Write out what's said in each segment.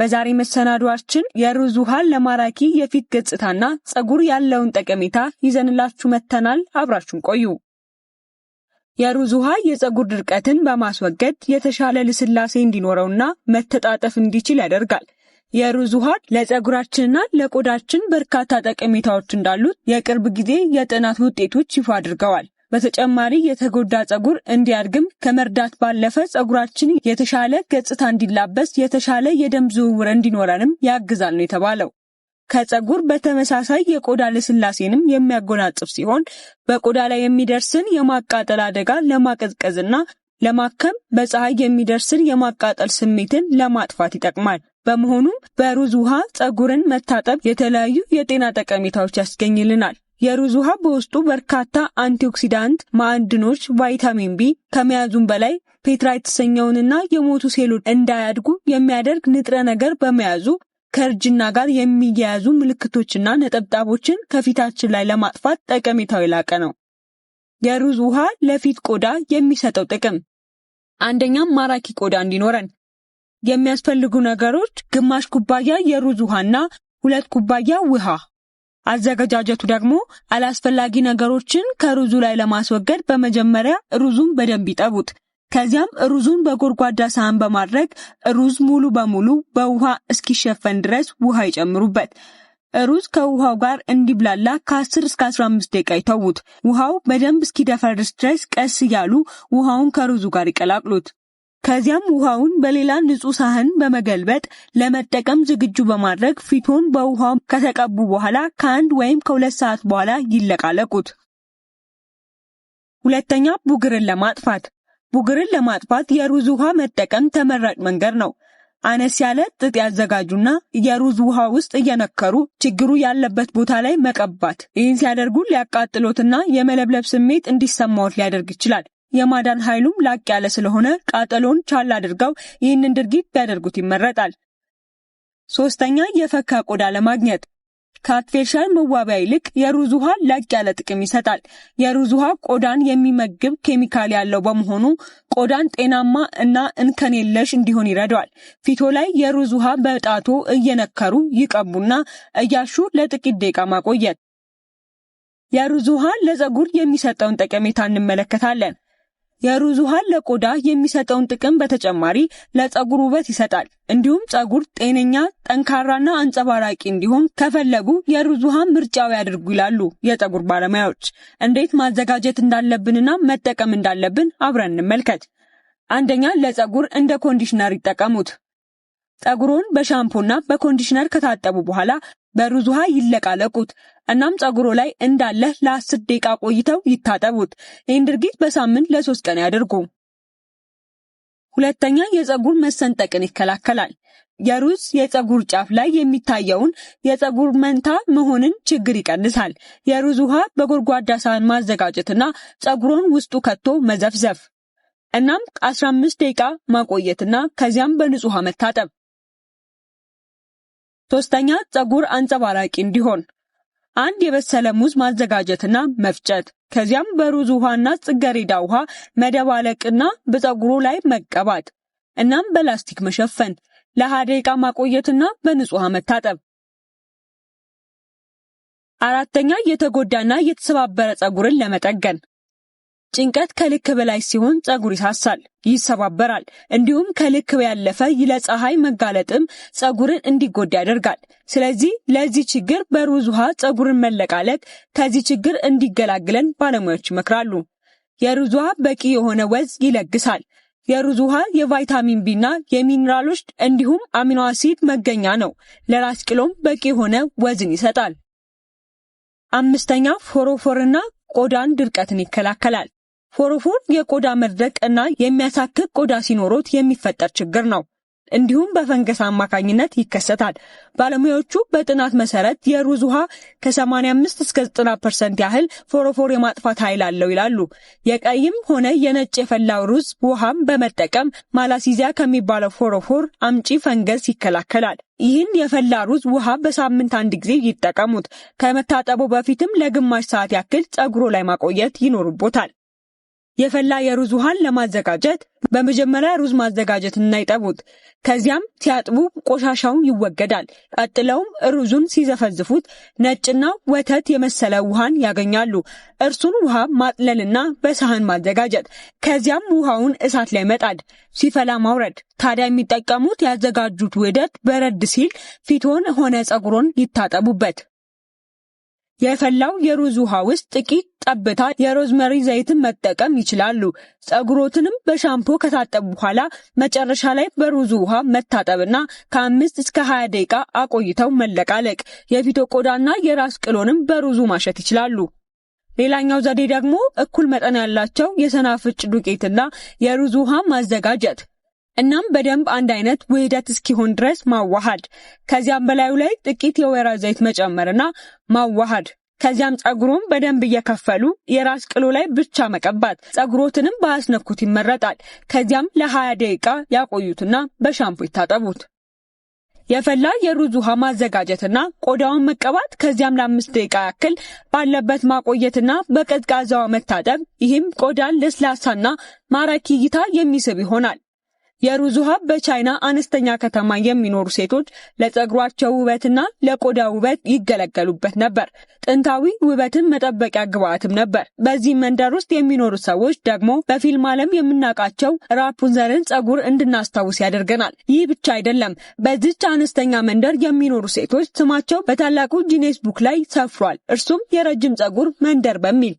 በዛሬ መሰናዷችን የሩዝ ውሃን ለማራኪ የፊት ገጽታና ጸጉር ያለውን ጠቀሜታ ይዘንላችሁ መጥተናል። አብራችሁን ቆዩ። የሩዝ ውሃ የጸጉር ድርቀትን በማስወገድ የተሻለ ልስላሴ እንዲኖረውና መተጣጠፍ እንዲችል ያደርጋል። የሩዝ ውሃ ለጸጉራችንና ለቆዳችን በርካታ ጠቀሜታዎች እንዳሉት የቅርብ ጊዜ የጥናት ውጤቶች ይፋ አድርገዋል። በተጨማሪ የተጎዳ ጸጉር እንዲያድግም ከመርዳት ባለፈ ጸጉራችን የተሻለ ገጽታ እንዲላበስ፣ የተሻለ የደም ዝውውር እንዲኖረንም ያግዛል ነው የተባለው። ከጸጉር በተመሳሳይ የቆዳ ልስላሴንም የሚያጎናጽፍ ሲሆን በቆዳ ላይ የሚደርስን የማቃጠል አደጋ ለማቀዝቀዝና ለማከም በፀሐይ የሚደርስን የማቃጠል ስሜትን ለማጥፋት ይጠቅማል። በመሆኑም በሩዝ ውሃ ጸጉርን መታጠብ የተለያዩ የጤና ጠቀሜታዎች ያስገኝልናል። የሩዝ ውሃ በውስጡ በርካታ አንቲኦክሲዳንት፣ ማዕድኖች፣ ቫይታሚን ቢ ከመያዙም በላይ ፔትራ የተሰኘውንና የሞቱ ሴሎች እንዳያድጉ የሚያደርግ ንጥረ ነገር በመያዙ ከእርጅና ጋር የሚያያዙ ምልክቶችና ነጠብጣቦችን ከፊታችን ላይ ለማጥፋት ጠቀሜታው የላቀ ነው። የሩዝ ውሃ ለፊት ቆዳ የሚሰጠው ጥቅም አንደኛም ማራኪ ቆዳ እንዲኖረን የሚያስፈልጉ ነገሮች ግማሽ ኩባያ የሩዝ ውሃና ሁለት ኩባያ ውሃ አዘገጃጀቱ ደግሞ አላስፈላጊ ነገሮችን ከሩዙ ላይ ለማስወገድ በመጀመሪያ ሩዙን በደንብ ይጠቡት። ከዚያም ሩዙን በጎድጓዳ ሳህን በማድረግ ሩዝ ሙሉ በሙሉ በውሃ እስኪሸፈን ድረስ ውሃ ይጨምሩበት። ሩዝ ከውሃው ጋር እንዲብላላ ከ10 እስከ 15 ደቂቃ ይተዉት። ውሃው በደንብ እስኪደፈርስ ድረስ ቀስ እያሉ ውሃውን ከሩዙ ጋር ይቀላቅሉት። ከዚያም ውሃውን በሌላ ንጹህ ሳህን በመገልበጥ ለመጠቀም ዝግጁ በማድረግ ፊቶን በውሃው ከተቀቡ በኋላ ከአንድ ወይም ከሁለት ሰዓት በኋላ ይለቃለቁት። ሁለተኛ ቡግርን ለማጥፋት ቡግርን ለማጥፋት የሩዝ ውሃ መጠቀም ተመራጭ መንገድ ነው። አነስ ያለ ጥጥ ያዘጋጁና የሩዝ ውሃ ውስጥ እየነከሩ ችግሩ ያለበት ቦታ ላይ መቀባት። ይህን ሲያደርጉ ሊያቃጥሎትና የመለብለብ ስሜት እንዲሰማዎት ሊያደርግ ይችላል። የማዳን ኃይሉም ላቅ ያለ ስለሆነ ቃጠሎን ቻል አድርገው ይህንን ድርጊት ቢያደርጉት ይመረጣል። ሶስተኛ የፈካ ቆዳ ለማግኘት ከአርቲፊሻል መዋቢያ ይልቅ የሩዝ ውሃ ላቅ ያለ ጥቅም ይሰጣል። የሩዝ ውሃ ቆዳን የሚመግብ ኬሚካል ያለው በመሆኑ ቆዳን ጤናማ እና እንከን የለሽ እንዲሆን ይረዳዋል። ፊቶ ላይ የሩዝ ውሃ በጣቶ እየነከሩ ይቀቡና እያሹ ለጥቂት ደቂቃ ማቆየት። የሩዝ ውሃ ለፀጉር የሚሰጠውን ጠቀሜታ እንመለከታለን። የሩዝ ውሃን ለቆዳ የሚሰጠውን ጥቅም በተጨማሪ ለፀጉር ውበት ይሰጣል። እንዲሁም ፀጉር ጤነኛ፣ ጠንካራና አንጸባራቂ እንዲሆን ከፈለጉ የሩዝ ውሃን ምርጫው ያድርጉ ይላሉ የፀጉር ባለሙያዎች። እንዴት ማዘጋጀት እንዳለብንና መጠቀም እንዳለብን አብረን እንመልከት። አንደኛ፣ ለፀጉር እንደ ኮንዲሽነር ይጠቀሙት። ፀጉሮን በሻምፖና በኮንዲሽነር ከታጠቡ በኋላ በሩዝ ውሃ ይለቃለቁት። እናም ፀጉሮ ላይ እንዳለ ለአስር ደቂቃ ቆይተው ይታጠቡት። ይህን ድርጊት በሳምንት ለሶስት ቀን ያድርጉ። ሁለተኛ የፀጉር መሰንጠቅን ይከላከላል። የሩዝ የፀጉር ጫፍ ላይ የሚታየውን የፀጉር መንታ መሆንን ችግር ይቀንሳል። የሩዝ ውሃ በጎድጓዳ ሳህን ማዘጋጀትና ጸጉሮን ውስጡ ከቶ መዘፍዘፍ እናም 15 ደቂቃ ማቆየትና ከዚያም በንጹህ ውሃ መታጠብ ሶስተኛ ፀጉር አንጸባራቂ እንዲሆን አንድ የበሰለ ሙዝ ማዘጋጀትና መፍጨት፣ ከዚያም በሩዝ ውሃና ጽገሬዳ ውሃ መደባለቅና በፀጉሩ ላይ መቀባት፣ እናም በላስቲክ መሸፈን፣ ለሃያ ማቆየትና በንጹህ ውሃ መታጠብ። አራተኛ የተጎዳና የተሰባበረ ፀጉርን ለመጠገን ጭንቀት ከልክ በላይ ሲሆን ጸጉር ይሳሳል፣ ይሰባበራል። እንዲሁም ከልክ ያለፈ ለፀሐይ መጋለጥም ጸጉርን እንዲጎዳ ያደርጋል። ስለዚህ ለዚህ ችግር በሩዝ ውሃ ጸጉርን መለቃለቅ ከዚህ ችግር እንዲገላግለን ባለሙያዎች ይመክራሉ። የሩዝ ውሃ በቂ የሆነ ወዝ ይለግሳል። የሩዝ ውሃ የቫይታሚን ቢና የሚኒራሎች እንዲሁም አሚኖ አሲድ መገኛ ነው። ለራስ ቅሎም በቂ የሆነ ወዝን ይሰጣል። አምስተኛ ፎሮፎርና ቆዳን ድርቀትን ይከላከላል። ፎረፎር የቆዳ መድረቅ እና የሚያሳክክ ቆዳ ሲኖሮት የሚፈጠር ችግር ነው። እንዲሁም በፈንገስ አማካኝነት ይከሰታል። ባለሙያዎቹ በጥናት መሰረት የሩዝ ውሃ ከ85 እስከ 90 ፐርሰንት ያህል ፎሮፎር የማጥፋት ኃይል አለው ይላሉ። የቀይም ሆነ የነጭ የፈላው ሩዝ ውሃም በመጠቀም ማላሲዚያ ከሚባለው ፎሮፎር አምጪ ፈንገስ ይከላከላል። ይህን የፈላ ሩዝ ውሃ በሳምንት አንድ ጊዜ ይጠቀሙት። ከመታጠቡ በፊትም ለግማሽ ሰዓት ያክል ጸጉሮ ላይ ማቆየት ይኖርቦታል። የፈላ የሩዝ ውሃን ለማዘጋጀት በመጀመሪያ ሩዝ ማዘጋጀትና ይጠቡት። ከዚያም ሲያጥቡ ቆሻሻው ይወገዳል። ቀጥለውም ሩዙን ሲዘፈዝፉት ነጭና ወተት የመሰለ ውሃን ያገኛሉ። እርሱን ውሃ ማጥለልና በሳህን ማዘጋጀት፣ ከዚያም ውሃውን እሳት ላይ መጣድ፣ ሲፈላ ማውረድ። ታዲያ የሚጠቀሙት ያዘጋጁት ውህደት በረድ ሲል ፊቶን ሆነ ጸጉሮን ይታጠቡበት። የፈላው የሩዝ ውሃ ውስጥ ጥቂት ጠብታ የሮዝመሪ ዘይትን መጠቀም ይችላሉ። ጸጉሮትንም በሻምፖ ከታጠቡ በኋላ መጨረሻ ላይ በሩዙ ውሃ መታጠብና ከአምስት እስከ ሀያ ደቂቃ አቆይተው መለቃለቅ። የፊቶ ቆዳና የራስ ቅሎንም በሩዙ ማሸት ይችላሉ። ሌላኛው ዘዴ ደግሞ እኩል መጠን ያላቸው የሰናፍጭ ዱቄትና የሩዝ ውሃ ማዘጋጀት እናም በደንብ አንድ አይነት ውህደት እስኪሆን ድረስ ማዋሃድ፣ ከዚያም በላዩ ላይ ጥቂት የወይራ ዘይት መጨመርና ማዋሃድ ከዚያም ጸጉሮን በደንብ እየከፈሉ የራስ ቅሎ ላይ ብቻ መቀባት። ጸጉሮትንም ባያስነኩት ይመረጣል። ከዚያም ለሀያ ደቂቃ ያቆዩትና በሻምፑ ይታጠቡት። የፈላ የሩዝ ውሃ ማዘጋጀትና ቆዳውን መቀባት፣ ከዚያም ለአምስት ደቂቃ ያክል ባለበት ማቆየትና በቀዝቃዛዋ መታጠብ። ይህም ቆዳን ለስላሳና ማራኪ እይታ የሚስብ ይሆናል። የሩዝ ውሃ በቻይና አነስተኛ ከተማ የሚኖሩ ሴቶች ለጸጉሯቸው ውበትና ለቆዳ ውበት ይገለገሉበት ነበር። ጥንታዊ ውበትን መጠበቂያ ግብአትም ነበር። በዚህ መንደር ውስጥ የሚኖሩ ሰዎች ደግሞ በፊልም ዓለም የምናውቃቸው ራፑንዘልን ጸጉር እንድናስታውስ ያደርገናል። ይህ ብቻ አይደለም። በዚች አነስተኛ መንደር የሚኖሩ ሴቶች ስማቸው በታላቁ ጂኔስ ቡክ ላይ ሰፍሯል። እርሱም የረጅም ጸጉር መንደር በሚል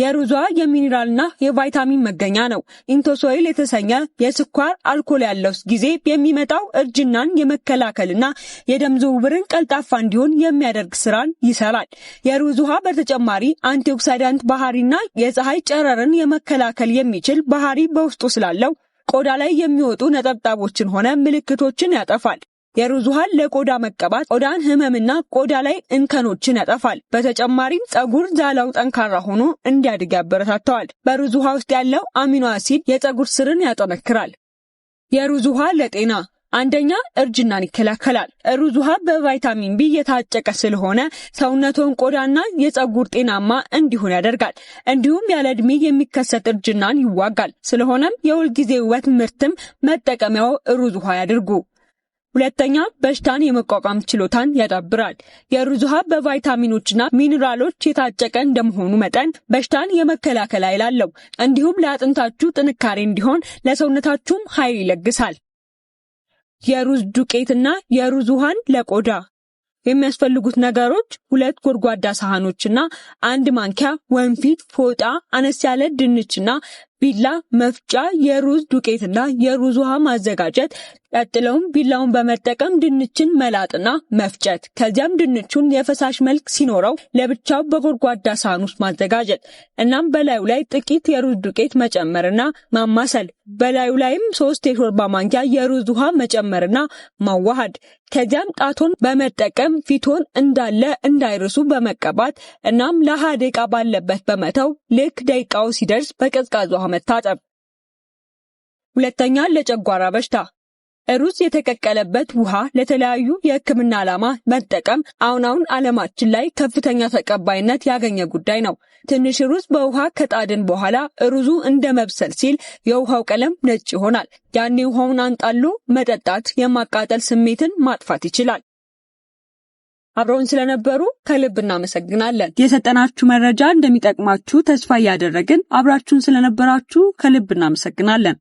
የሩዟ የሚኒራልና የቫይታሚን መገኛ ነው። ኢንቶሶይል የተሰኘ የስኳር አልኮል ያለው ጊዜ የሚመጣው እርጅናን የመከላከልና የደም ዝውውርን ቀልጣፋ እንዲሆን የሚያደርግ ስራን ይሰራል። የሩዝ ውሃ በተጨማሪ አንቲኦክሳይዳንት ባህሪና የፀሐይ ጨረርን የመከላከል የሚችል ባህሪ በውስጡ ስላለው ቆዳ ላይ የሚወጡ ነጠብጣቦችን ሆነ ምልክቶችን ያጠፋል። የሩዝ ውሃን ለቆዳ መቀባት ቆዳን ህመምና ቆዳ ላይ እንከኖችን ያጠፋል። በተጨማሪም ጸጉር ዛላው ጠንካራ ሆኖ እንዲያድግ ያበረታተዋል። በሩዝ ውሃ ውስጥ ያለው አሚኖ አሲድ የጸጉር ስርን ያጠነክራል። የሩዝ ውሃ ለጤና አንደኛ እርጅናን ይከላከላል። ሩዝ ውሃ በቫይታሚን ቢ የታጨቀ ስለሆነ ሰውነቶን ቆዳና የጸጉር ጤናማ እንዲሆን ያደርጋል። እንዲሁም ያለ እድሜ የሚከሰት እርጅናን ይዋጋል። ስለሆነም የሁልጊዜ ውበት ምርትም መጠቀሚያው ሩዝ ውሃ ያድርጉ። ሁለተኛ በሽታን የመቋቋም ችሎታን ያዳብራል። የሩዝ ውሃ በቫይታሚኖችና ሚኒራሎች የታጨቀ እንደመሆኑ መጠን በሽታን የመከላከል ኃይል አለው። እንዲሁም ለአጥንታችሁ ጥንካሬ እንዲሆን ለሰውነታችሁም ኃይል ይለግሳል። የሩዝ ዱቄትና የሩዝ ውሃን ለቆዳ የሚያስፈልጉት ነገሮች ሁለት ጎድጓዳ ሳህኖችና አንድ ማንኪያ ወንፊት፣ ፎጣ፣ አነስ ያለ ድንችና ቢላ፣ መፍጫ። የሩዝ ዱቄትና የሩዝ ውሃ ማዘጋጀት ቀጥለውም ቢላውን በመጠቀም ድንችን መላጥና መፍጨት፣ ከዚያም ድንቹን የፈሳሽ መልክ ሲኖረው ለብቻው በጎድጓዳ ሳህን ውስጥ ማዘጋጀት። እናም በላዩ ላይ ጥቂት የሩዝ ዱቄት መጨመርና ማማሰል። በላዩ ላይም ሶስት የሾርባ ማንኪያ የሩዝ ውሃ መጨመርና ማዋሃድ። ከዚያም ጣቶን በመጠቀም ፊቶን እንዳለ እንዳይርሱ በመቀባት እናም ለሀያ ደቂቃ ባለበት በመተው ልክ ደቂቃው ሲደርስ በቀዝቃዛ ውሃ መታጠብ። ሁለተኛ ለጨጓራ በሽታ ሩዝ የተቀቀለበት ውሃ ለተለያዩ የሕክምና ዓላማ መጠቀም አሁን አሁን ዓለማችን ላይ ከፍተኛ ተቀባይነት ያገኘ ጉዳይ ነው። ትንሽ ሩዝ በውሃ ከጣድን በኋላ ሩዙ እንደ መብሰል ሲል የውሃው ቀለም ነጭ ይሆናል። ያኔ ውሃውን አንጣሎ መጠጣት የማቃጠል ስሜትን ማጥፋት ይችላል። አብረውን ስለነበሩ ከልብ እናመሰግናለን። የሰጠናችሁ መረጃ እንደሚጠቅማችሁ ተስፋ እያደረግን አብራችሁን ስለነበራችሁ ከልብ እናመሰግናለን።